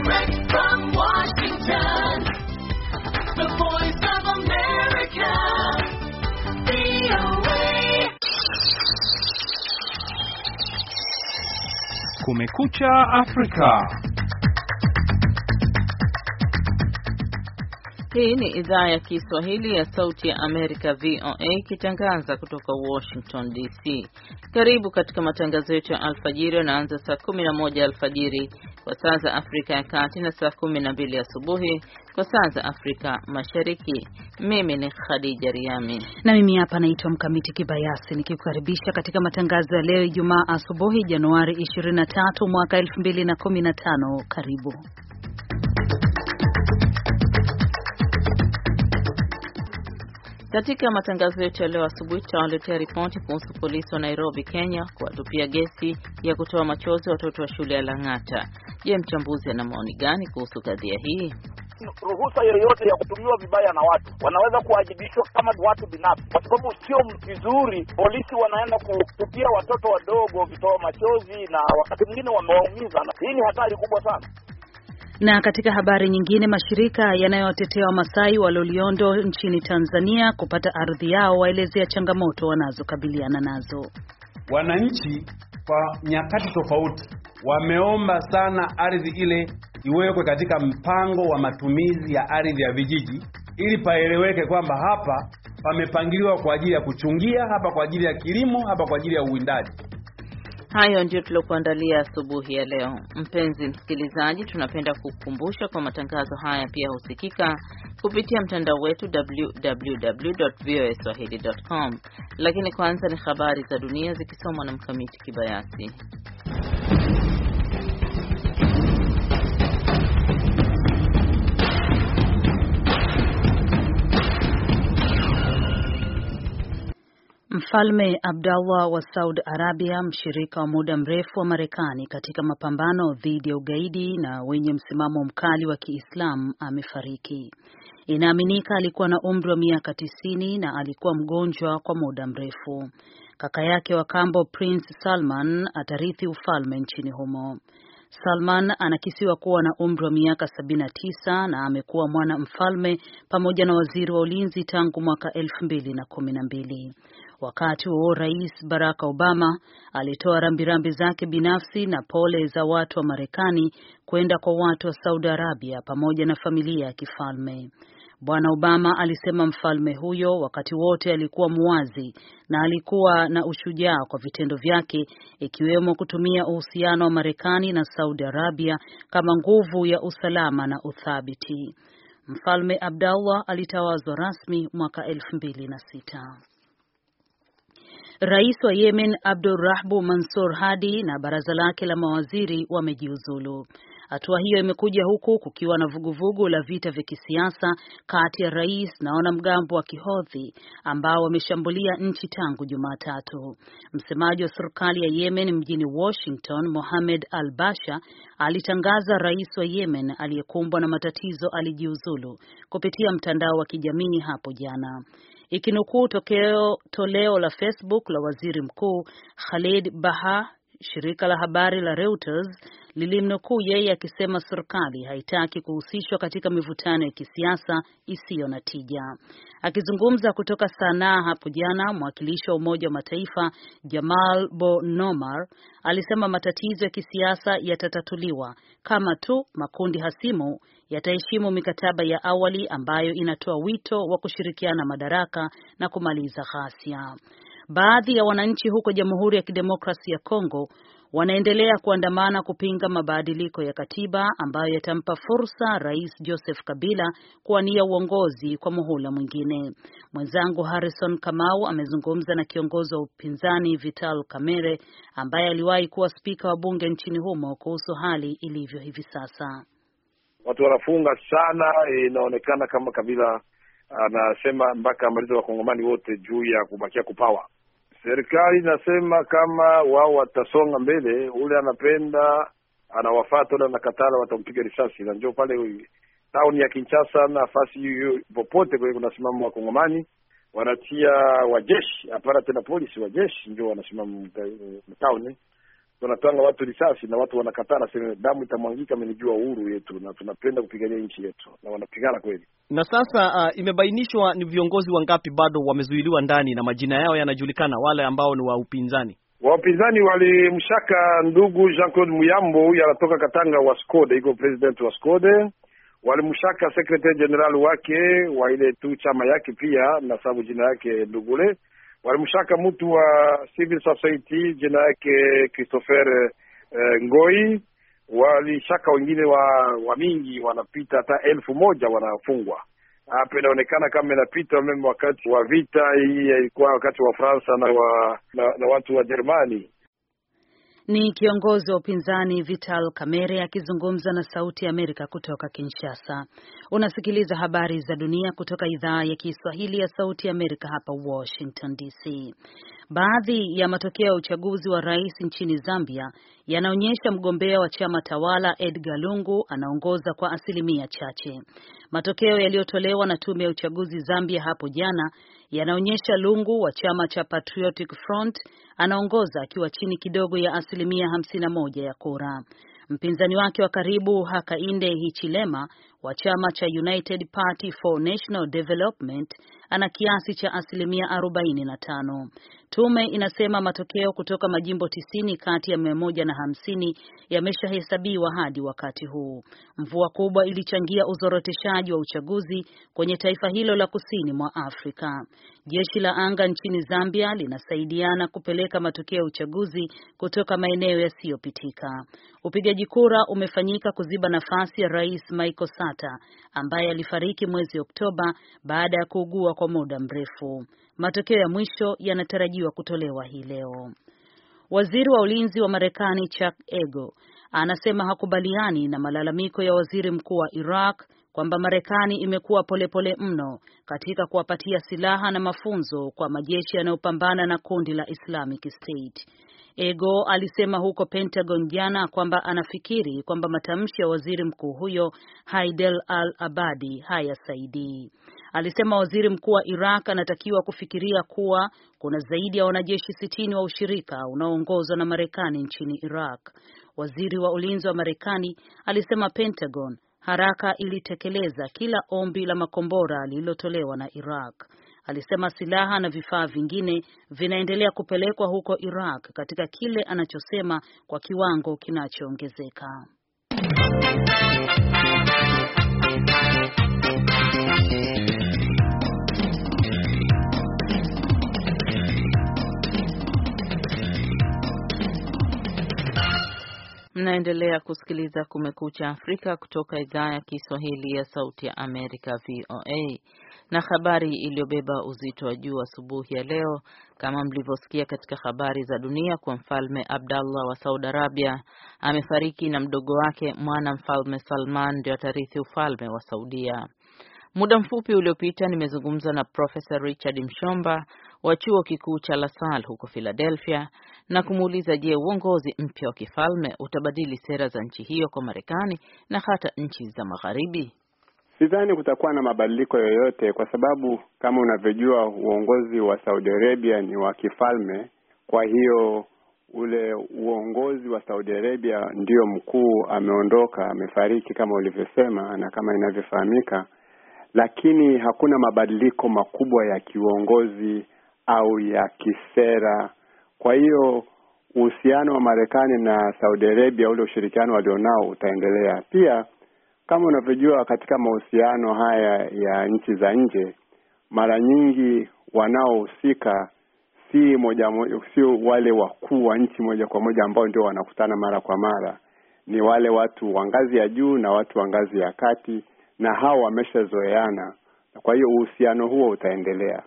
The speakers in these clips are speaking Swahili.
Direct from Washington, the voice of America, VOA. Kumekucha Afrika. Hii ni idhaa ya Kiswahili ya Sauti ya Amerika, VOA, ikitangaza kutoka Washington DC. Karibu katika matangazo yetu ya alfajiri yanaanza saa 11 alfajiri kwa saa za Afrika ya Kati na saa 12 asubuhi kwa saa za Afrika Mashariki. Mimi ni Khadija Riami na mimi hapa naitwa Mkamiti Kibayasi nikikukaribisha katika matangazo ya leo Ijumaa asubuhi, Januari 23 mwaka 2015. Karibu Katika matangazo yetu ya leo asubuhi tutawaletea ripoti kuhusu polisi wa Nairobi, Kenya kuwatupia gesi ya kutoa machozi watoto wa shule ya Lang'ata. Je, mchambuzi ana maoni gani kuhusu kadhia hii? Ruhusa yoyote ya kutumiwa vibaya na watu wanaweza kuwajibishwa kama watu binafsi, kwa sababu sio vizuri polisi wanaenda kutupia watoto wadogo vitoa machozi na wakati mwingine wamewaumiza. Hii ni hatari kubwa sana. Na katika habari nyingine, mashirika yanayowatetea Wamasai wa Loliondo nchini Tanzania kupata ardhi yao waelezea changamoto wanazokabiliana nazo. Wananchi kwa nyakati tofauti wameomba sana ardhi ile iwekwe katika mpango wa matumizi ya ardhi ya vijiji ili paeleweke kwamba hapa pamepangiliwa kwa ajili ya kuchungia, hapa kwa ajili ya kilimo, hapa kwa ajili ya uwindaji. Hayo ndio tuliokuandalia asubuhi ya leo. Mpenzi msikilizaji, tunapenda kukukumbusha kwa matangazo haya pia husikika kupitia mtandao wetu www.voaswahili.com. Lakini kwanza ni habari za dunia zikisomwa na Mkamiti Kibayasi. Mfalme Abdallah wa Saudi Arabia, mshirika wa muda mrefu wa Marekani katika mapambano dhidi ya ugaidi na wenye msimamo mkali wa Kiislamu, amefariki. Inaaminika alikuwa na umri wa miaka tisini na alikuwa mgonjwa kwa muda mrefu. Kaka yake wa kambo Prince Salman atarithi ufalme nchini humo. Salman anakisiwa kuwa na umri wa miaka 79 na amekuwa mwana mfalme pamoja na waziri wa ulinzi tangu mwaka na na kumi mbili Wakati huo Rais Barack Obama alitoa rambirambi zake binafsi na pole za watu wa Marekani kwenda kwa watu wa Saudi Arabia pamoja na familia ya kifalme. Bwana Obama alisema mfalme huyo wakati wote alikuwa muwazi na alikuwa na ushujaa kwa vitendo vyake, ikiwemo kutumia uhusiano wa Marekani na Saudi Arabia kama nguvu ya usalama na uthabiti. Mfalme Abdallah alitawazwa rasmi mwaka elfu mbili na sita. Rais wa Yemen Rahbu Mansur Hadi na baraza lake la mawaziri wamejiuzulu. Hatua hiyo imekuja huku kukiwa na vuguvugu la vita vya kisiasa kati ya rais na wanamgambo wa Kihodhi ambao wameshambulia nchi tangu Jumatatu. Msemaji wa serikali ya Yemen mjini Washington, Mohamed Al-Basha, alitangaza rais wa Yemen aliyekumbwa na matatizo alijiuzulu kupitia mtandao wa kijamii hapo jana ikinukuu tokeo toleo la Facebook la waziri mkuu Khalid Baha shirika la habari la Reuters lilimnukuu yeye akisema serikali haitaki kuhusishwa katika mivutano ya kisiasa isiyo na tija. Akizungumza kutoka Sanaa hapo jana, mwakilishi wa Umoja wa Mataifa Jamal Bonomar alisema matatizo ya kisiasa yatatatuliwa kama tu makundi hasimu yataheshimu mikataba ya awali ambayo inatoa wito wa kushirikiana madaraka na kumaliza ghasia. Baadhi ya wananchi huko Jamhuri ya Kidemokrasi ya Kongo wanaendelea kuandamana kupinga mabadiliko ya katiba ambayo yatampa fursa Rais Joseph Kabila kuwania uongozi kwa muhula mwingine. Mwenzangu Harrison Kamau amezungumza na kiongozi wa upinzani Vital Kamerhe ambaye aliwahi kuwa spika wa bunge nchini humo kuhusu hali ilivyo hivi sasa. Watu wanafunga sana, inaonekana kama Kabila anasema mpaka amaliza wakongomani wote juu ya kubakia kupawa serikali inasema kama wao watasonga mbele, ule anapenda anawafata, ule anakatala, watampiga risasi. Na njo pale tauni ya Kinshasa, nafasi hiyo popote kwenye kunasimama wakongomani wanatia wajeshi, hapana tena polisi, wajeshi njo wanasimama mtauni wanatanga watu risasi na watu wanakataa, nasema damu itamwangika, amenijua uhuru yetu, na tunapenda kupigania nchi yetu, na wanapigana kweli. Na sasa uh, imebainishwa ni viongozi wangapi bado wamezuiliwa ndani na majina yao yanajulikana, wale ambao ni wa upinzani wapinzani walimshaka ndugu Jean Claude Muyambo, huyu anatoka Katanga wa Skode, iko president wa Skode. Walimshaka secretary general wake wa ile tu chama yake pia na sababu jina yake Ndugule walimshaka mtu wa civil society jina yake Christopher eh, Ngoi. Walishaka wengine wa, wa mingi wanapita hata elfu moja wanafungwa hapa Inaonekana kama inapita meme wakati wa vita hii, ilikuwa wakati wa Fransa na, wa, na, na watu wa jermani ni kiongozi wa upinzani Vital Kamerhe akizungumza na Sauti ya Amerika kutoka Kinshasa. Unasikiliza habari za dunia kutoka idhaa ya Kiswahili ya Sauti ya Amerika hapa Washington DC. Baadhi ya matokeo ya uchaguzi wa rais nchini Zambia yanaonyesha mgombea wa chama tawala Edgar Lungu anaongoza kwa asilimia chache. Matokeo yaliyotolewa na tume ya uchaguzi Zambia hapo jana yanaonyesha Lungu wa chama cha Patriotic Front anaongoza akiwa chini kidogo ya asilimia moja ya kura. Mpinzani wake wa karibu Hakainde Hichilema wa chama cha United Party for National Development ana kiasi cha asilimia tano Tume inasema matokeo kutoka majimbo tisini kati ya mia moja na hamsini yameshahesabiwa hadi wakati huu. Mvua kubwa ilichangia uzoroteshaji wa uchaguzi kwenye taifa hilo la kusini mwa Afrika. Jeshi la anga nchini Zambia linasaidiana kupeleka matokeo ya uchaguzi kutoka maeneo yasiyopitika. Upigaji kura umefanyika kuziba nafasi ya Rais Michael Sata ambaye alifariki mwezi Oktoba baada ya kuugua kwa muda mrefu. Matokeo ya mwisho yanatarajiwa kutolewa hii leo. Waziri wa ulinzi wa Marekani Chuck Ego anasema hakubaliani na malalamiko ya waziri mkuu wa Iraq kwamba Marekani imekuwa polepole mno katika kuwapatia silaha na mafunzo kwa majeshi yanayopambana na kundi la Islamic State. Ego alisema huko Pentagon jana kwamba anafikiri kwamba matamshi ya waziri mkuu huyo Haidel al-Abadi hayasaidii alisema waziri mkuu wa Iraq anatakiwa kufikiria kuwa kuna zaidi ya wanajeshi sitini wa ushirika unaoongozwa na Marekani nchini Iraq. Waziri wa ulinzi wa Marekani alisema Pentagon haraka ilitekeleza kila ombi la makombora lililotolewa na Iraq. Alisema silaha na vifaa vingine vinaendelea kupelekwa huko Iraq katika kile anachosema kwa kiwango kinachoongezeka. Mnaendelea kusikiliza Kumekucha Afrika kutoka idhaa ya Kiswahili ya Sauti ya Amerika, VOA. Na habari iliyobeba uzito wa juu asubuhi ya leo, kama mlivyosikia katika habari za dunia, kwa Mfalme Abdallah wa Saudi Arabia amefariki na mdogo wake mwana Mfalme Salman ndio atarithi ufalme wa Saudia. Muda mfupi uliopita nimezungumza na Profesa Richard Mshomba wa chuo kikuu cha LaSalle huko Philadelphia na kumuuliza je, uongozi mpya wa kifalme utabadili sera za nchi hiyo kwa Marekani na hata nchi za Magharibi? Sidhani kutakuwa na mabadiliko yoyote kwa sababu kama unavyojua, uongozi wa Saudi Arabia ni wa kifalme. Kwa hiyo ule uongozi wa Saudi Arabia ndiyo mkuu ameondoka, amefariki kama ulivyosema na kama inavyofahamika, lakini hakuna mabadiliko makubwa ya kiuongozi au ya kisera. Kwa hiyo uhusiano wa Marekani na Saudi Arabia, ule ushirikiano walionao utaendelea. Pia kama unavyojua, katika mahusiano haya ya nchi za nje, mara nyingi wanaohusika si moja moja, sio wale wakuu wa nchi moja kwa moja ambao ndio wanakutana mara kwa mara, ni wale watu wa ngazi ya juu na watu wa ngazi ya kati, na hao wameshazoeana. Kwa hiyo uhusiano huo utaendelea.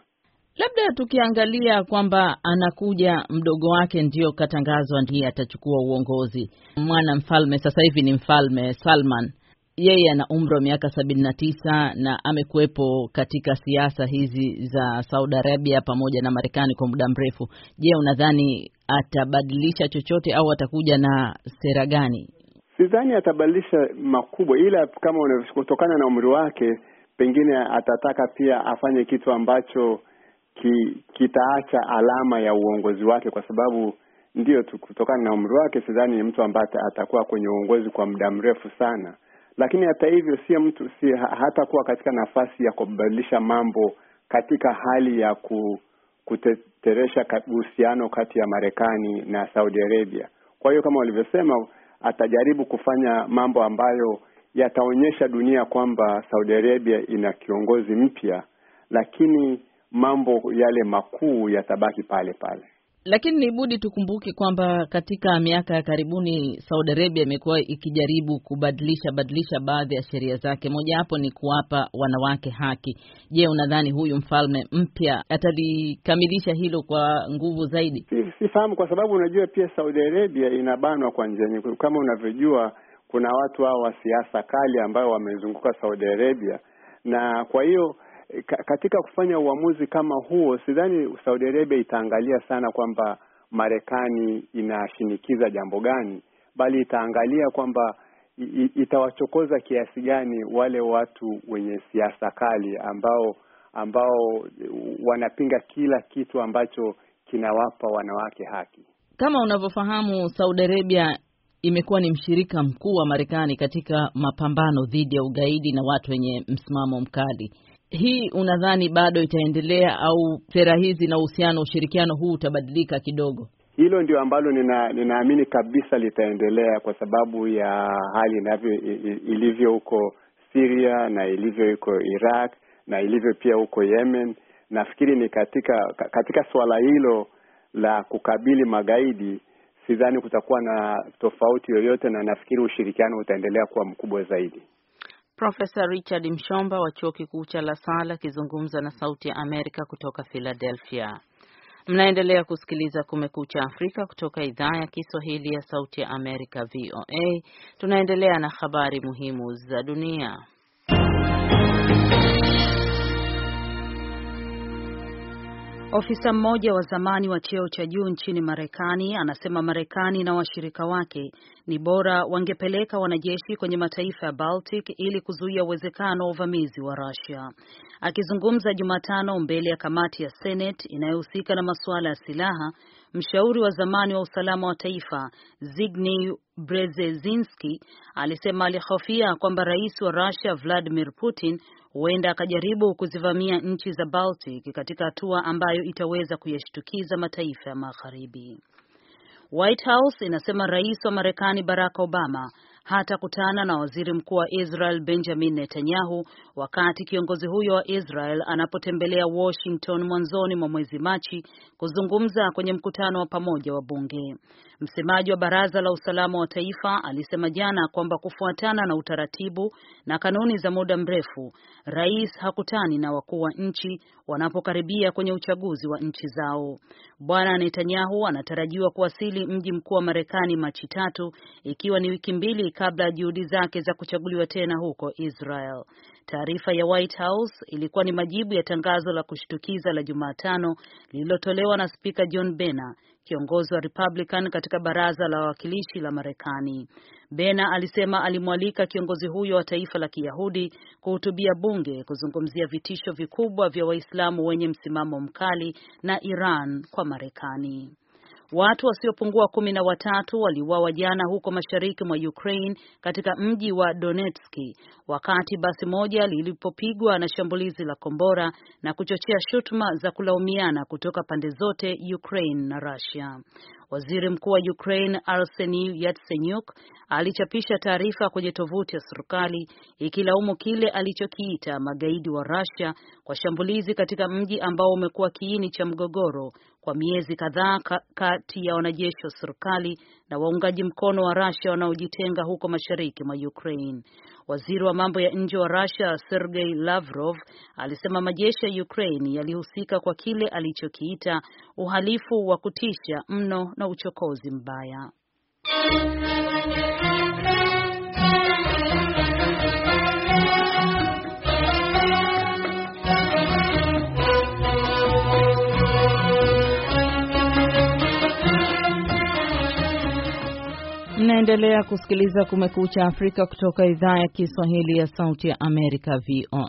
Labda tukiangalia kwamba anakuja mdogo wake ndio katangazwa ndiye atachukua uongozi. Mwana mfalme sasa hivi ni mfalme Salman, yeye ana umri wa miaka sabini na tisa na amekuwepo katika siasa hizi za Saudi Arabia pamoja na Marekani kwa muda mrefu. Je, unadhani atabadilisha chochote au atakuja na sera gani? Sidhani atabadilisha makubwa, ila kama kutokana na umri wake, pengine atataka pia afanye kitu ambacho ki, kitaacha alama ya uongozi wake, kwa sababu ndio tu kutokana na umri wake, sidhani ni mtu ambaye atakuwa kwenye uongozi kwa muda mrefu sana. Lakini hata hivyo, si mtu si hatakuwa katika nafasi ya kubadilisha mambo katika hali ya ku, kuteteresha uhusiano kati ya Marekani na Saudi Arabia. Kwa hiyo kama walivyosema, atajaribu kufanya mambo ambayo yataonyesha dunia kwamba Saudi Arabia ina kiongozi mpya, lakini mambo yale makuu yatabaki pale pale. Lakini ni budi tukumbuke kwamba katika miaka ya karibuni Saudi Arabia imekuwa ikijaribu kubadilisha badilisha baadhi ya sheria zake, mojawapo ni kuwapa wanawake haki. Je, unadhani huyu mfalme mpya atalikamilisha hilo kwa nguvu zaidi? Sifahamu, kwa sababu unajua pia Saudi Arabia inabanwa kwa njia nyingi. Kama unavyojua, kuna watu hao wa siasa kali ambayo wamezunguka Saudi Arabia, na kwa hiyo Eh, katika kufanya uamuzi kama huo, sidhani Saudi Arabia itaangalia sana kwamba Marekani inashinikiza jambo gani, bali itaangalia kwamba itawachokoza kiasi gani wale watu wenye siasa kali ambao ambao wanapinga kila kitu ambacho kinawapa wanawake haki. Kama unavyofahamu, Saudi Arabia imekuwa ni mshirika mkuu wa Marekani katika mapambano dhidi ya ugaidi na watu wenye msimamo mkali hii unadhani bado itaendelea au sera hizi na uhusiano, ushirikiano huu utabadilika kidogo? Hilo ndio ambalo nina, ninaamini kabisa litaendelea kwa sababu ya hali inavyo ilivyo huko Syria na ilivyo huko Iraq na ilivyo pia huko Yemen. Nafikiri ni katika katika suala hilo la kukabili magaidi, sidhani kutakuwa na tofauti yoyote, na nafikiri ushirikiano utaendelea kuwa mkubwa zaidi. Profesa Richard Mshomba wa Chuo Kikuu cha LaSalle akizungumza na Sauti ya Amerika kutoka Philadelphia. Mnaendelea kusikiliza Kumekucha Afrika kutoka idhaa ya Kiswahili ya Sauti ya Amerika, VOA. Tunaendelea na habari muhimu za dunia. Ofisa mmoja wa zamani wa cheo cha juu nchini Marekani anasema Marekani na washirika wake ni bora wangepeleka wanajeshi kwenye mataifa ya Baltic ili kuzuia uwezekano wa uvamizi wa Russia. Akizungumza Jumatano mbele ya kamati ya Senate inayohusika na masuala ya silaha, mshauri wa zamani wa usalama wa taifa Zbigniew Brzezinski alisema alihofia kwamba rais wa Russia Vladimir Putin huenda akajaribu kuzivamia nchi za Baltic katika hatua ambayo itaweza kuyashtukiza mataifa ya magharibi. White House inasema rais wa Marekani Barack Obama hata kutana na waziri mkuu wa Israel Benjamin Netanyahu wakati kiongozi huyo wa Israel anapotembelea Washington mwanzoni mwa mwezi Machi kuzungumza kwenye mkutano wa pamoja wa bunge. Msemaji wa Baraza la Usalama wa Taifa alisema jana kwamba kufuatana na utaratibu na kanuni za muda mrefu, rais hakutani na wakuu wa nchi wanapokaribia kwenye uchaguzi wa nchi zao. Bwana Netanyahu anatarajiwa kuwasili mji mkuu wa Marekani Machi tatu, ikiwa ni wiki mbili kabla ya juhudi zake za kuchaguliwa tena huko Israel. Taarifa ya White House ilikuwa ni majibu ya tangazo la kushtukiza la Jumatano lililotolewa na Spika John Boehner kiongozi wa Republican katika baraza la wawakilishi la Marekani. Bena alisema alimwalika kiongozi huyo wa taifa la Kiyahudi kuhutubia bunge kuzungumzia vitisho vikubwa vya Waislamu wenye msimamo mkali na Iran kwa Marekani. Watu wasiopungua kumi na watatu waliuawa jana huko mashariki mwa Ukraine katika mji wa donetski wakati basi moja lilipopigwa na shambulizi la kombora na kuchochea shutuma za kulaumiana kutoka pande zote Ukraine na Russia. Waziri Mkuu wa Ukraine Arseniy Yatsenyuk alichapisha taarifa kwenye tovuti ya serikali ikilaumu kile alichokiita magaidi wa Russia kwa shambulizi katika mji ambao umekuwa kiini cha mgogoro kwa miezi kadhaa kati ya wanajeshi wa serikali na waungaji mkono wa Russia wanaojitenga huko mashariki mwa Ukraine. Waziri wa mambo ya nje wa Russia Sergei Lavrov alisema majeshi ya Ukraine yalihusika kwa kile alichokiita uhalifu wa kutisha mno na uchokozi mbaya. Mnaendelea kusikiliza Kumekucha Afrika kutoka idhaa ya Kiswahili ya Sauti ya Amerika, VOA.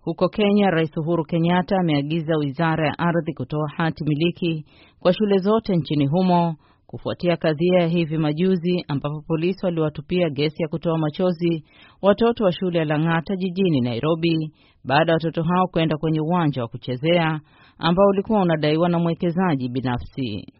Huko Kenya, Rais Uhuru Kenyatta ameagiza wizara ya ardhi kutoa hati miliki kwa shule zote nchini humo kufuatia kadhia ya hivi majuzi ambapo polisi waliwatupia gesi ya kutoa machozi watoto wa shule ya Lang'ata jijini Nairobi, baada ya watoto hao kwenda kwenye uwanja wa kuchezea ambao ulikuwa unadaiwa na mwekezaji binafsi.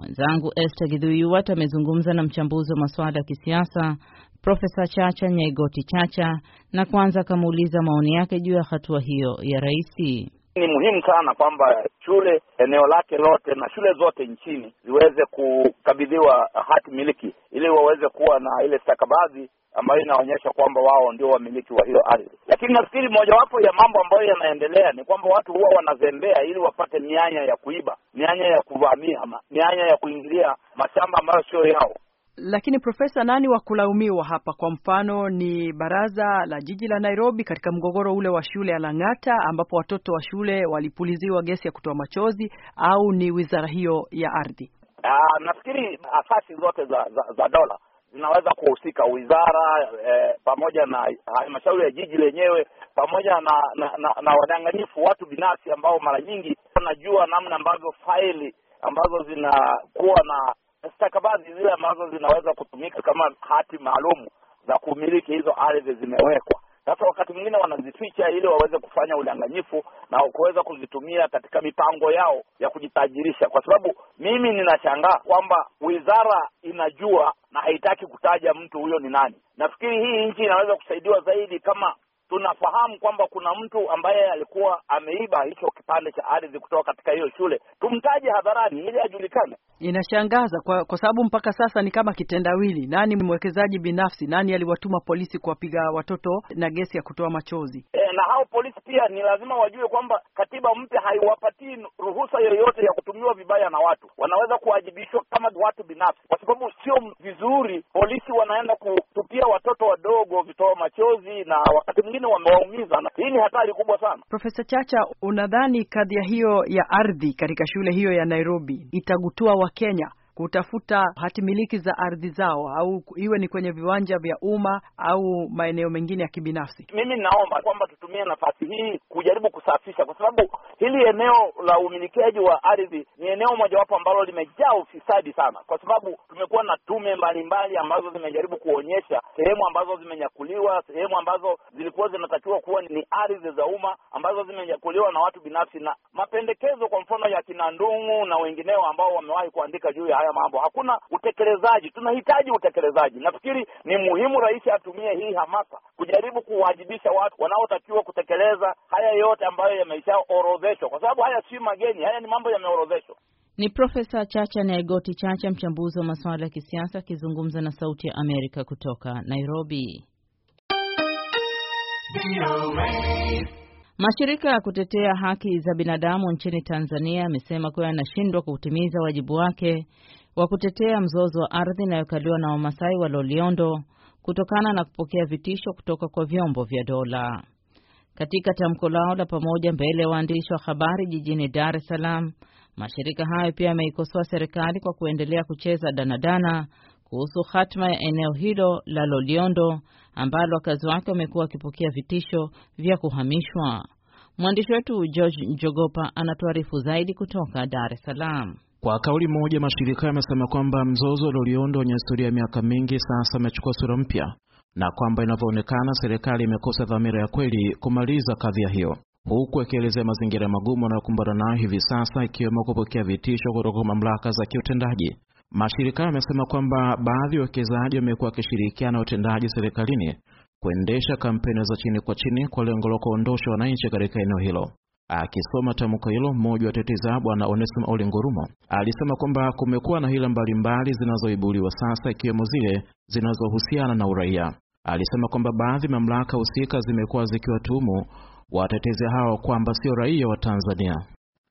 Mwenzangu Esther Gidhuiwat amezungumza na mchambuzi wa masuala ya kisiasa Profesa Chacha Nyaigoti Chacha na kwanza akamuuliza maoni yake juu ya hatua hiyo ya raisi. Ni muhimu sana kwamba shule eneo lake lote na shule zote nchini ziweze kukabidhiwa hati miliki ili waweze kuwa na ile stakabadhi ambayo inaonyesha kwamba wao ndio wamiliki wa hiyo ardhi. Lakini nafikiri mojawapo ya mambo ambayo yanaendelea ni kwamba watu huwa wanazembea ili wapate mianya ya kuiba, mianya ya kuvamia, mianya ya kuingilia mashamba ambayo sio yao. Lakini Profesa, nani wa kulaumiwa hapa? Kwa mfano ni baraza la jiji la Nairobi katika mgogoro ule wa shule ya Lang'ata ambapo watoto wa shule walipuliziwa gesi ya kutoa machozi, au ni wizara hiyo ya ardhi? Ah, nafikiri asasi zote za, za, za dola zinaweza kuhusika, wizara eh, pamoja na halmashauri ya jiji lenyewe pamoja na na, na, na wadanganyifu, watu binafsi ambao mara nyingi wanajua namna ambavyo faili ambazo zinakuwa na stakabadhi zile ambazo zinaweza kutumika kama hati maalum za kumiliki hizo ardhi zimewekwa. Sasa wakati mwingine wanazificha ili waweze kufanya udanganyifu na kuweza kuzitumia katika mipango yao ya kujitajirisha, kwa sababu mimi ninashangaa kwamba wizara inajua na haitaki kutaja mtu huyo ni nani. Nafikiri hii nchi inaweza kusaidiwa zaidi kama tunafahamu kwamba kuna mtu ambaye alikuwa ameiba hicho kipande cha ardhi kutoka katika hiyo shule, tumtaje hadharani ili ajulikane. Inashangaza kwa, kwa sababu mpaka sasa ni kama kitendawili. Nani mwekezaji binafsi? Nani aliwatuma polisi kuwapiga watoto na gesi ya kutoa machozi? E, na hao polisi pia ni lazima wajue kwamba katiba mpya haiwapatii ruhusa yoyote ya kutumiwa vibaya na watu, wanaweza kuwajibishwa kama watu binafsi, kwa sababu sio vizuri polisi wanaenda ku pia watoto wadogo vitoa machozi na wakati mwingine wamewaumiza, na hii ni hatari kubwa sana. Profesa Chacha, unadhani kadhia hiyo ya ardhi katika shule hiyo ya Nairobi itagutua Wakenya kutafuta hatimiliki za ardhi zao, au iwe ni kwenye viwanja vya umma au maeneo mengine ya kibinafsi. Mimi naomba kwamba tutumie nafasi hii kujaribu kusafisha, kwa sababu hili eneo la umilikiaji wa ardhi ni eneo mojawapo ambalo limejaa ufisadi sana, kwa sababu tumekuwa na tume mbalimbali ambazo zimejaribu kuonyesha sehemu ambazo zimenyakuliwa, sehemu ambazo zilikuwa zinatakiwa kuwa ni ardhi za umma ambazo zimenyakuliwa na watu binafsi, na mapendekezo kwa mfano ya kina Ndung'u na wengineo ambao wamewahi kuandika juu ya haya haya mambo, hakuna utekelezaji. Tunahitaji utekelezaji. Nafikiri ni muhimu rais atumie hii hamasa kujaribu kuwajibisha watu wanaotakiwa kutekeleza haya yote ambayo yameshaorodheshwa kwa sababu haya si mageni, haya ni mambo yameorodheshwa. Ni Profesa Chacha Nyaigoti Chacha, mchambuzi wa masuala ya kisiasa, akizungumza na Sauti ya Amerika kutoka Nairobi. Mashirika ya kutetea haki za binadamu nchini Tanzania yamesema kuwa yanashindwa kutimiza wajibu wake wa kutetea mzozo wa ardhi inayokaliwa na Wamasai wa Loliondo kutokana na kupokea vitisho kutoka kwa vyombo vya dola. Katika tamko lao la pamoja mbele ya waandishi wa habari jijini Dar es Salaam, mashirika hayo pia yameikosoa serikali kwa kuendelea kucheza danadana kuhusu hatima ya eneo hilo la Loliondo ambalo wakazi wake wamekuwa wakipokea vitisho vya kuhamishwa. Mwandishi wetu George Njogopa anatuarifu zaidi kutoka Dar es Salaam. Kwa kauli moja, mashirika yamesema kwamba mzozo loliondo wenye historia ya miaka mingi sasa umechukua sura mpya na kwamba inavyoonekana serikali imekosa dhamira ya kweli kumaliza kadhia hiyo, huku akielezea mazingira magumu anayokumbana nayo hivi sasa, ikiwemo kupokea vitisho kutoka kwa mamlaka za kiutendaji. Mashirika yamesema kwamba baadhi ya wawekezaji wamekuwa wakishirikiana na utendaji serikalini kuendesha kampeni za chini kwa chini kwa lengo la kuondosha wananchi katika eneo hilo. Akisoma tamko hilo, mmoja wa teteza Bwana Onesimo Ole Ngurumo alisema kwamba kumekuwa na hila mbalimbali zinazoibuliwa sasa, ikiwemo zile zinazohusiana na uraia. Alisema kwamba baadhi ya mamlaka husika zimekuwa zikiwatuhumu watetezi hao kwamba sio raia wa Tanzania.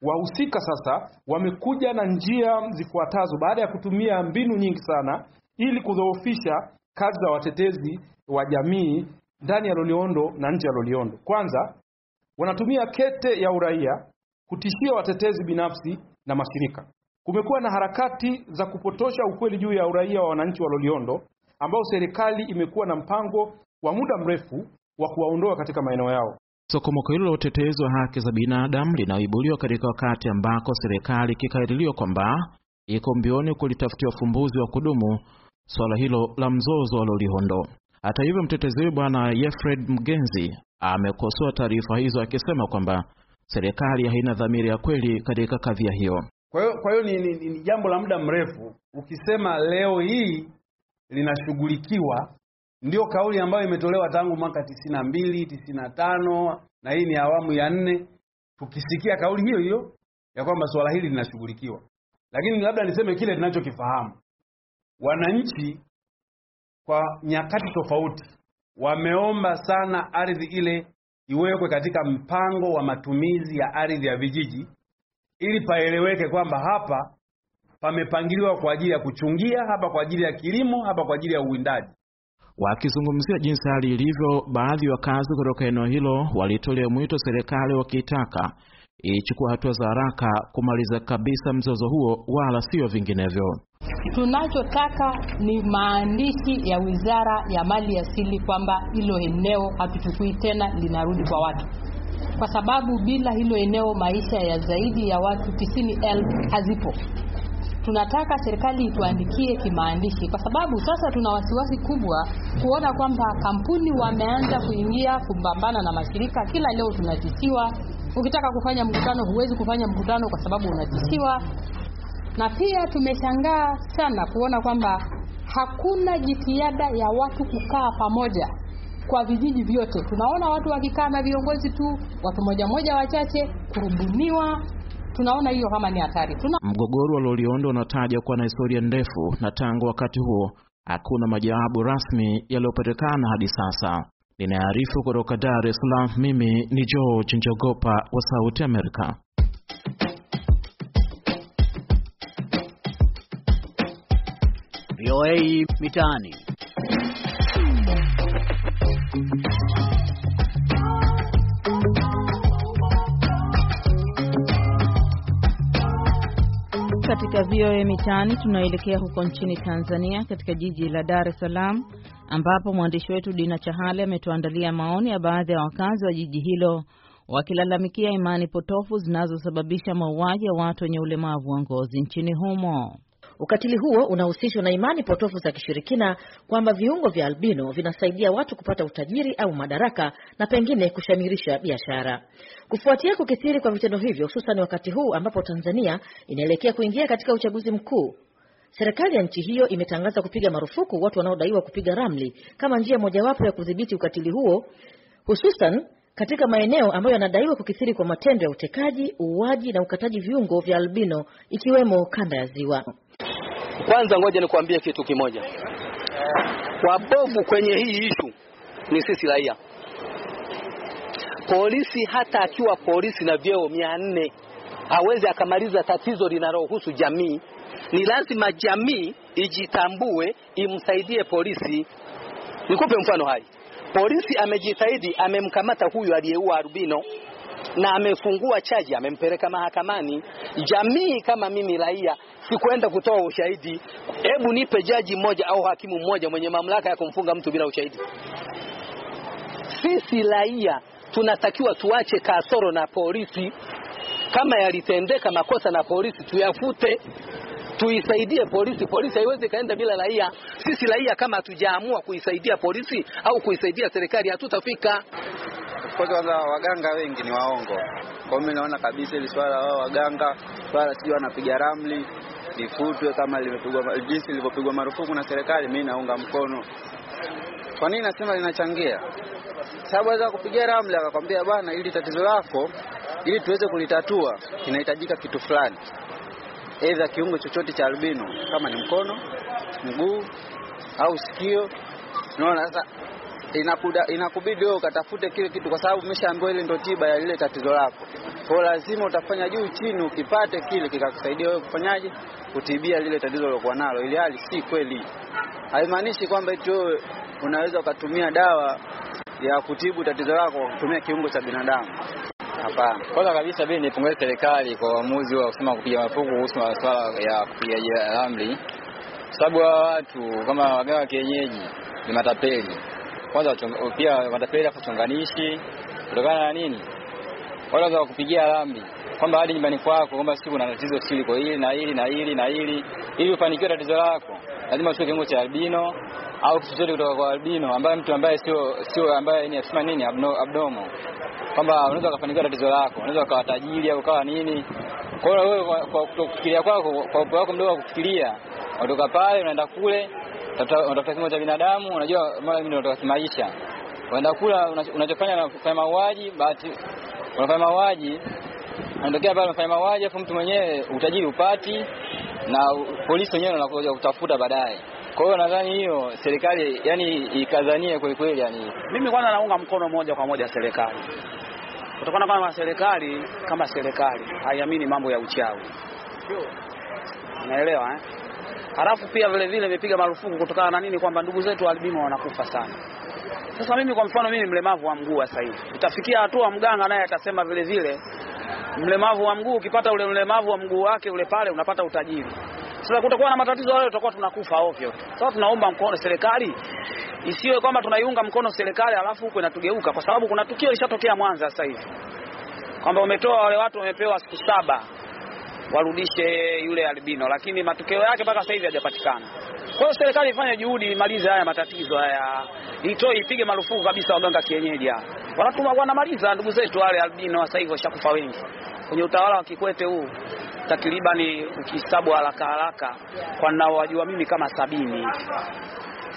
Wahusika sasa wamekuja na njia zifuatazo baada ya kutumia mbinu nyingi sana ili kudhoofisha kazi za watetezi wa jamii ndani ya Loliondo na nje ya Loliondo. Kwanza wanatumia kete ya uraia kutishia watetezi binafsi na mashirika. Kumekuwa na harakati za kupotosha ukweli juu ya uraia wa wananchi wa Loliondo ambao serikali imekuwa na mpango wa muda mrefu wa kuwaondoa katika maeneo yao. Sokomoko hilo la utetezi wa haki za binadamu linaibuliwa katika wakati ambako serikali ikikadiriwa kwamba iko mbioni kulitafutia ufumbuzi wa kudumu swala hilo la mzozo wa Loliondo. Hata hivyo, mtetezi huyo Bwana Yefred Mgenzi amekosoa taarifa hizo akisema kwamba serikali haina dhamira ya kweli katika kadhia hiyo. Kwa hiyo kwa hiyo ni, ni, ni jambo la muda mrefu. Ukisema leo hii linashughulikiwa, ndio kauli ambayo imetolewa tangu mwaka tisini na mbili tisini na tano na hii ni awamu ya nne, tukisikia kauli hiyo hiyo ya kwamba swala hili linashughulikiwa. Lakini labda niseme kile tunachokifahamu wananchi kwa nyakati tofauti wameomba sana ardhi ile iwekwe katika mpango wa matumizi ya ardhi ya vijiji ili paeleweke kwamba hapa pamepangiliwa kwa ajili ya kuchungia, hapa kwa ajili ya kilimo, hapa kwa ajili ya uwindaji. Wakizungumzia jinsi hali ilivyo, baadhi ya wakazi kutoka eneo hilo walitolea mwito serikali wakiitaka ichukua hatua za haraka kumaliza kabisa mzozo huo, wala sio vinginevyo. Tunachotaka ni maandishi ya Wizara ya Mali Asili kwamba hilo eneo hatuchukui tena, linarudi kwa watu, kwa sababu bila hilo eneo maisha ya zaidi ya watu tisini elfu hazipo. Tunataka serikali ituandikie kimaandishi, kwa sababu sasa tuna wasiwasi kubwa kuona kwamba kampuni wameanza kuingia kupambana na mashirika. Kila leo tunatishiwa, ukitaka kufanya mkutano huwezi kufanya mkutano kwa sababu unatishiwa na pia tumeshangaa sana kuona kwamba hakuna jitihada ya watu kukaa pamoja kwa vijiji vyote. Tunaona watu wakikaa na viongozi tu, watu moja moja wachache, kurubuniwa tunaona hiyo kama ni hatari. Tuna... mgogoro wa Loliondo unataja kuwa na historia ndefu na tangu wakati huo hakuna majawabu rasmi yaliyopatikana hadi sasa. Ninaarifu kutoka Dar es Salaam, mimi ni George Njogopa wa Sauti Amerika. VOA Mitaani. Katika VOA Mitaani tunaelekea huko nchini Tanzania, katika jiji la Dar es Salaam, ambapo mwandishi wetu Dina Chahale ametuandalia maoni ya baadhi ya wakazi wa jiji hilo wakilalamikia imani potofu zinazosababisha mauaji ya watu wenye ulemavu wa ngozi nchini humo. Ukatili huo unahusishwa na imani potofu za kishirikina kwamba viungo vya albino vinasaidia watu kupata utajiri au madaraka na pengine kushamirisha biashara. Kufuatia kukithiri kwa vitendo hivyo, hususan wakati huu ambapo Tanzania inaelekea kuingia katika uchaguzi mkuu, serikali ya nchi hiyo imetangaza kupiga marufuku watu wanaodaiwa kupiga ramli kama njia mojawapo ya kudhibiti ukatili huo hususan katika maeneo ambayo yanadaiwa kukithiri kwa matendo ya utekaji, uuaji na ukataji viungo vya albino ikiwemo kanda ya Ziwa. Kwanza ngoja nikuambie kitu kimoja, wabovu kwenye hii ishu ni sisi raia. Polisi hata akiwa polisi na vyeo mia nne hawezi akamaliza tatizo linalohusu jamii. Ni lazima jamii ijitambue, imsaidie polisi. Nikupe mfano hai, polisi amejitahidi, amemkamata huyu aliyeua albino na amefungua chaji, amempeleka mahakamani. Jamii kama mimi raia sikuenda kutoa ushahidi. Hebu nipe jaji mmoja au hakimu mmoja mwenye mamlaka ya kumfunga mtu bila ushahidi. Sisi raia tunatakiwa tuache kasoro na polisi. Kama yalitendeka makosa na polisi tuyafute, tuisaidie polisi. Polisi haiwezi kaenda bila raia. Sisi raia kama hatujaamua kuisaidia polisi au kuisaidia serikali, hatutafika. Kwanza waganga wengi ni waongo. Kwa mimi naona kabisa ile swala wao waganga, swala sijui wanapiga ramli lifutwe kama limepigwa jinsi lilivyopigwa marufuku na serikali, mimi naunga mkono. Kwa nini nasema linachangia? Sababu aweza kupiga ramli akakwambia, bwana, ili tatizo lako ili tuweze kulitatua kinahitajika kitu fulani, aidha kiungo chochote cha albino kama ni mkono, mguu au sikio. Unaona sasa inakuda, inakubidi wewe ukatafute kile kitu, kwa sababu umeshaambiwa ile ndio tiba ya lile tatizo lako. Kwa lazima utafanya juu chini, ukipate kile kikakusaidia wewe kufanyaje, kutibia lile tatizo lilokuwa nalo, ili hali si kweli. Haimaanishi kwamba eti wewe unaweza ukatumia dawa ya kutibu tatizo lako kwa kutumia kiungo cha binadamu. Hapana. Kwanza kabisa bili nipongeze serikali kwa uamuzi wa kusema kupiga marufuku kuhusu masuala ya kupigaji ramli, sababu hawa watu kama waganga wa kienyeji ni matapeli kwanza oh, pia matapeli hapo chonganishi kutokana na nini, wale waweza kupigia rambi kwamba hadi nyumbani kwako kwamba siku na tatizo sili kwa hili na hili na hili na hili, ili ufanikiwe tatizo lako lazima usio kiungo cha albino au kitu chochote kutoka kwa albino, ambaye mtu ambaye sio sio ambaye ni asema nini abdomo, kwamba unaweza kufanikiwa tatizo lako, unaweza kuwa tajiri au ukawa nini. Kwa hiyo wewe kwa kufikiria kwako, kwa uwezo wako mdogo wa kufikiria, kutoka pale unaenda kule unatafuta kimo cha binadamu, unajua mara mimi unataka maisha. unaenda kula, unachofanya unafanya mauaji, bahati unafanya mauaji, unatokea pale unafanya mauaji, afu mtu mwenyewe utajiri upati na polisi wenyewe wanakuja kutafuta baadaye. Kwa hiyo nadhani hiyo serikali yani ikazanie kweli kweli, yani mimi kwanza naunga mkono moja kwa moja serikali kutokana kama serikali kama serikali haiamini mambo ya uchawi, unaelewa eh? Halafu pia vile vile imepiga marufuku kutokana na nini? Kwamba ndugu zetu albino wanakufa sana. Sasa mimi kwa mfano, mimi mlemavu wa mguu sasa hivi, utafikia hatua mganga naye atasema vile vile mlemavu wa mguu ukipata ule mlemavu wa mguu wake ule pale unapata utajiri. Sasa kutakuwa na matatizo wale, tutakuwa tunakufa ovyo. Sasa tunaomba mkono serikali, isiwe kwamba tunaiunga mkono serikali alafu huko inatugeuka, kwa sababu kuna tukio lishatokea Mwanza sasa hivi kwamba umetoa wale watu wamepewa siku saba warudishe yule albino, lakini matokeo yake mpaka sasa hivi hajapatikana. Kwa hiyo serikali ifanye juhudi, imalize haya matatizo haya, itoe, ipige marufuku kabisa waganga kienyeji hapa. Wanatuma wanamaliza ndugu zetu wale albino, sasa hivi washakufa wengi kwenye utawala wa Kikwete huu takribani ukihesabu haraka haraka kwa naowajua mimi kama sabini.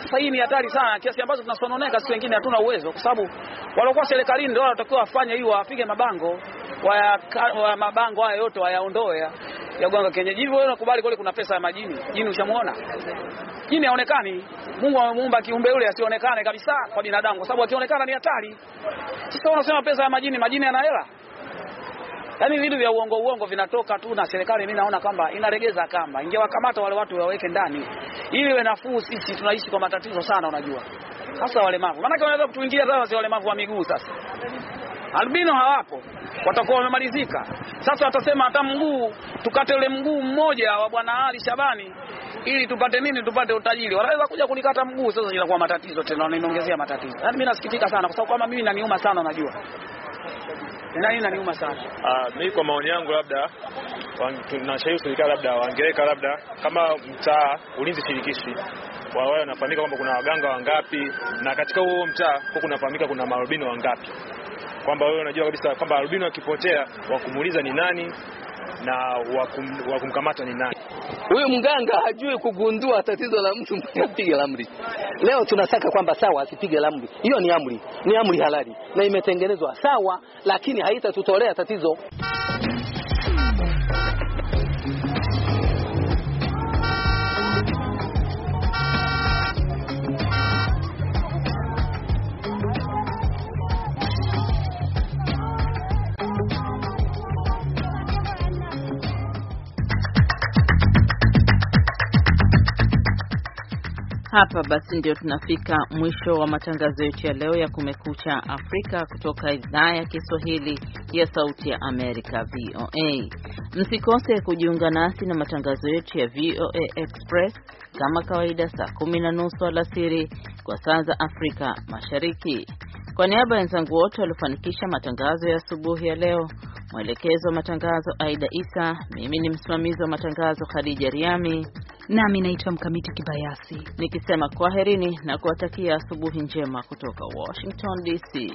Sasa hii ni hatari sana, kiasi ambacho tunasononeka, sisi wengine hatuna uwezo, kwa sababu waliokuwa serikalini ndio wanatakiwa wafanye hiyo, wapige mabango waya, waya mabango haya yote wayaondoe ya, ya uganga kenyeji. Hivyo wewe unakubali kule kuna pesa ya majini? Jini ushamuona jini? Haonekani. Mungu amemuumba kiumbe yule asionekane kabisa kwa binadamu, kwa sababu akionekana ni hatari. Sasa unasema pesa ya majini, majini yana hela? Yaani vitu vya uongo uongo vinatoka tu, na serikali mimi naona kwamba inaregeza kamba, ingewakamata wale watu waweke ndani ili iwe nafuu. Sisi tunaishi kwa matatizo sana, unajua hasa walemavu, maanake wanaweza kutuingia sasa, si walemavu wa miguu sasa albino hawapo, watakuwa wamemalizika. Sasa watasema hata mguu tukate ule mguu mmoja wa bwana Ali Shabani ili tupate nini? Tupate utajiri. Wanaweza kuja kulikata mguu, sasa inakuwa matatizo tena, wananiongezea matatizo. Yaani mimi nasikitika sana, kwa sababu kama mimi naniuma sana, najua naniuma sana. Uh, mimi kwa maoni yangu labda tunashauri serikali labda wangeweka labda kama mtaa ulinzi shirikishi wao, wanafahamika kwamba kuna waganga wangapi, na katika huo mtaa huko kunafahamika kuna marubini wangapi kwamba wewe unajua kabisa kwamba albino akipotea wa kumuuliza ni nani na wa kumkamata ni nani. Huyu mganga hajui kugundua tatizo la mtu apige lamri Leo tunasaka kwamba sawa, asipige lamri hiyo ni amri, ni amri halali na imetengenezwa sawa, lakini haitatutolea tatizo. Hapa basi ndio tunafika mwisho wa matangazo yetu ya leo ya Kumekucha Afrika kutoka idhaa ya Kiswahili ya Sauti ya Amerika, VOA. Msikose kujiunga nasi na matangazo yetu ya VOA Express kama kawaida, saa kumi na nusu alasiri kwa saa za Afrika Mashariki. Kwa niaba ya wenzangu wote waliofanikisha matangazo ya asubuhi ya leo, mwelekezo wa matangazo Aida Isa, mimi ni msimamizi wa matangazo Khadija Riami. Nami naitwa Mkamiti Kibayasi nikisema kwaherini na kuwatakia asubuhi njema kutoka Washington DC.